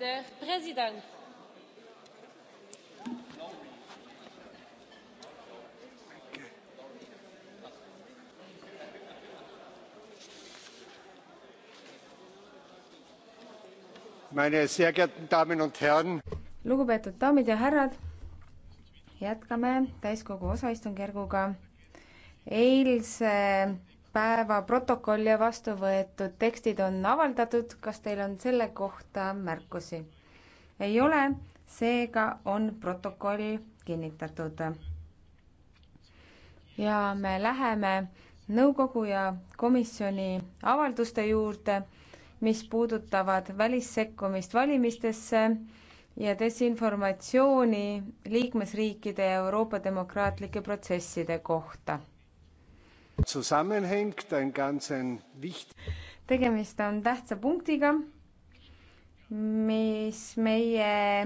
der präsident! meine sehr geehrten damen und herren! lugupeetud daamid ja härrad! jätkame täiskogu osaistungjärguga. eilse päeva protokoll ja vastu võetud tekstid on avaldatud, kas teil on selle kohta märkusi? ei ole, seega on protokoll kinnitatud. ja me läheme nõukogu ja komisjoni avalduste juurde, mis puudutavad välissekkumist valimistesse ja desinformatsiooni liikmesriikide ja Euroopa demokraatlike protsesside kohta tegemist on tähtsa punktiga, mis meie